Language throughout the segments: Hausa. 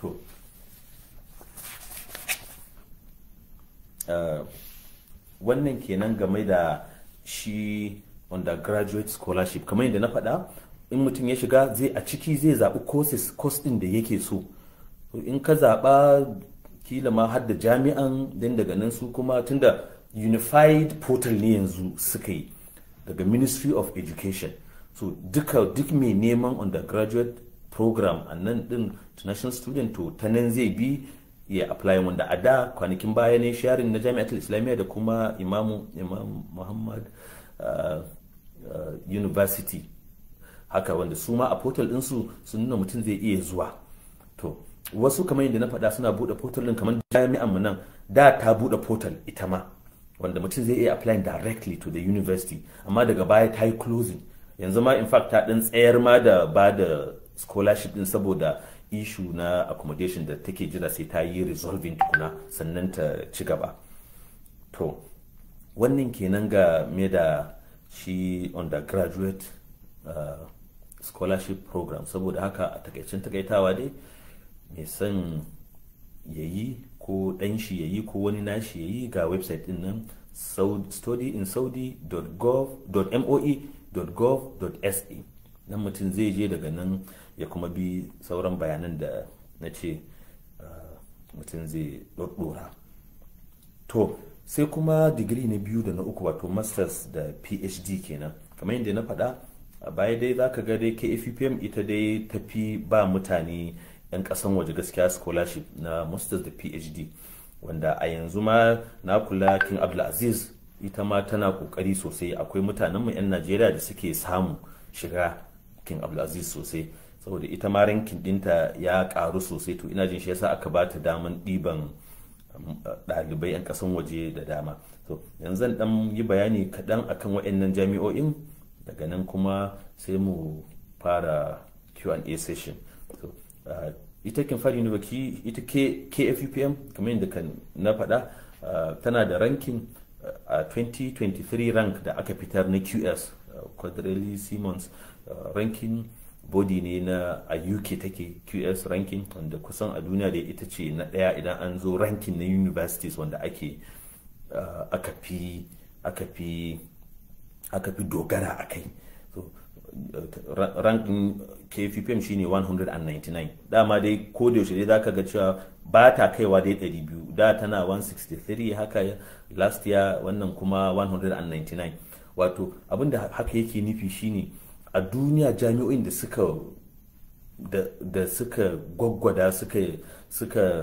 to eh, wannan kenan game da shi undergraduate scholarship kamar yadda na faɗa in mutum ya shiga zai a ciki zai zaɓi courses course ɗin da yake so in ka zaɓa kila ma har da jami'an dan daga nan su kuma tunda unified portal ne yanzu suka yi daga ministry of education so duka duk mai neman undergraduate program a nan din international student to ta nan zai bi ya apply wanda a da kwanakin baya ne sharin na jami'atul islamiyya da kuma imamu imam muhammad uh, uh, university haka wanda su ma a portal ɗinsu sun nuna mutum zai iya zuwa to wasu kamar yadda na faɗa suna buɗe portal din kamar jami'an mu nan da ta buɗe portal ita ma wanda mutum zai iya applying directly to the university amma daga baya ta yi closing yanzu ma in fact ta ɗan tsayar ma da ba da scholarship din saboda ishu na accommodation da take jira sai ta yi resolving tukuna sannan ta ci gaba to wannan kenan ga me da shi undergraduate uh, scholarship program saboda haka a takaicin takaitawa dai mai son ya yi ko ɗan shi ya yi ko wani nashi ya yi ga website din nan studyinsaudi.gov.moe.gov.se nan mutum zai je daga nan ya kuma bi sauran bayanan da na ce ah, mutum zai ɗora to sai kuma digiri na biyu da na uku wato masters da phd kenan kamar yadda na faɗa a baya dai za ka ga dai kfpm ita dai ta fi ba mutane 'yan ƙasan waje gaskiya scholarship na masters da phd wanda a yanzu ma na kula king abdulaziz ita ma tana ƙoƙari sosai akwai mutanenmu 'yan najeriya da suke samu shiga king abdulaziz sosai saboda ita ma rankin dinta ya karu sosai to ina jin shi yasa aka ba ta daman ɗiban um, ɗalibai 'yan kasan waje da dama to yanzu zan dan yi bayani kaɗan akan waɗannan jami'o'in daga nan kuma sai mu fara q&a session so, uh, ita kin fari university ita kfupm kamar yadda kan na faɗa uh, tana da rankin uh, a uh, 2023 rank da aka fitar na qs quadrilli simmons uh, ranking body ne na a uk take qs ranking wanda kusan a duniya da ita ce na daya idan an zo ranking na universities wanda ake uh, aka fi aka fi aka fi dogara a kai so uh, ranking kfpm shine 199 dama dai ko da yaushe dai zaka ga cewa ba ta kaiwa dai 200 da tana 163 haka last year wannan kuma 199 wato abinda haka yake nufi shine a duniya jami'o'in da suka da suka gwaggwada suka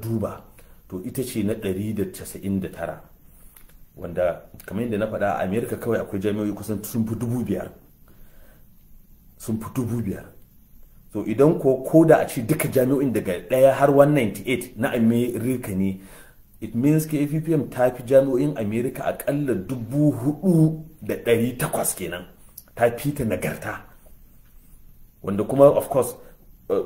duba to ita ce na 199 wanda kamar yadda na faɗa a amerika kawai akwai jami'o'i kusan sun fi dubu biyar sun fi dubu biyar so idan ko koda da a ce duka jami'o'in daga ɗaya har 198 na amerika ne it means afpm ta fi jami'o'in america akalla dubu hudu da ɗari takwas kenan ta fi ta nagarta wanda kuma of course uh,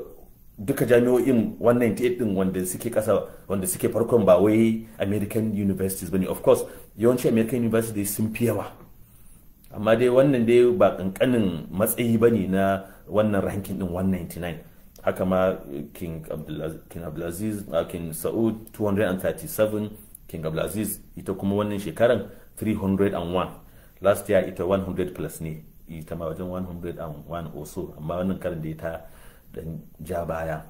duka jami'o'in 198 din wanda suke kasa wanda suke farkon ba wai american universities bane of course yawanci american universities sun fi yawa amma dai wannan dai ba kankanin matsayi bane na wannan ranking din 199 haka ma king abdulaziz king ah, sa'ud 237 king abdulaziz ita kuma wannan shekaran 301 last year ita 100 plus ne ita ma wajen 101 or so amma wannan karin da ita dan ja baya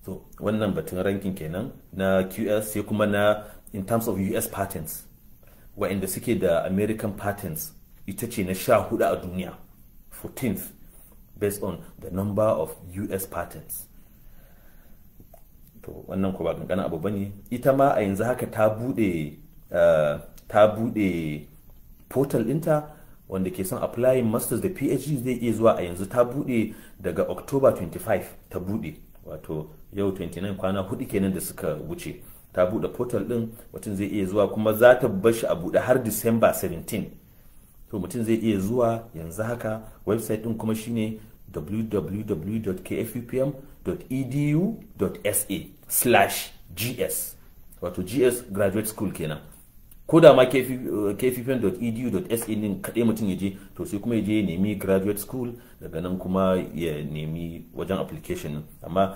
so wannan batun rankin kenan na qs sai kuma na in terms of us patents wa'inda suke da american patents ita ce na sha hudu a duniya 14th based on the number of US patents to wannan ko ba kankanin abu bane ita ma a yanzu haka ta bude eh, ta bude portal ɗinta wanda ke son applying masters da phd zai iya zuwa a yanzu ta bude daga october 25 ta bude wato yau 29 kwana hudu kenan da suka wuce ta bude portal din mutum zai iya zuwa kuma za ta bashi a bude har december 17 to mutum zai iya zuwa yanzu haka website din kuma shine www.kfupm.edu.sa/gs wato gs graduate school kenan ko da ma kfpm.edu.sa din kaɗai mutum ya je to sai kuma ya je nemi graduate school daga nan kuma ya nemi wajen application amma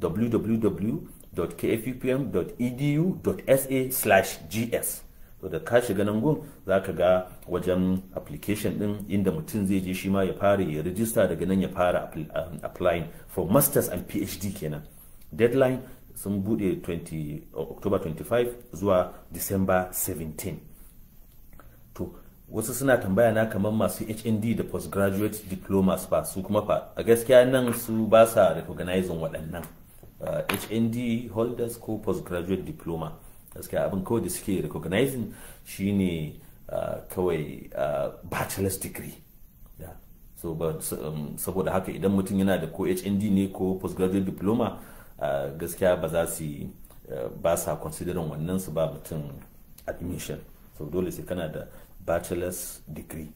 www.kfpm.edu.sa/gs da ka shiga nan gun za ka ga wajen application din inda mutum zai je shi ma ya fara ya rijista daga nan ya fara um, applying for masters and phd kenan deadline sun bude 20 uh, october 25 zuwa december 17 to wasu suna tambaya na kamar masu hnd da postgraduate diplomas ba su kuma fa a gaskiya nan su ba sa recognizing waɗannan hnd uh, holders ko postgraduate diploma gaskiya abin kawai da suke recognizing shine ah, kawai ah, bachelor's degree um, saboda haka idan mutum yana da ko hnd ne ko postgraduate diploma ah, gaskiya ba za su ba sa considering wannan su ba mutum admission so dole sai kana da bachelor's degree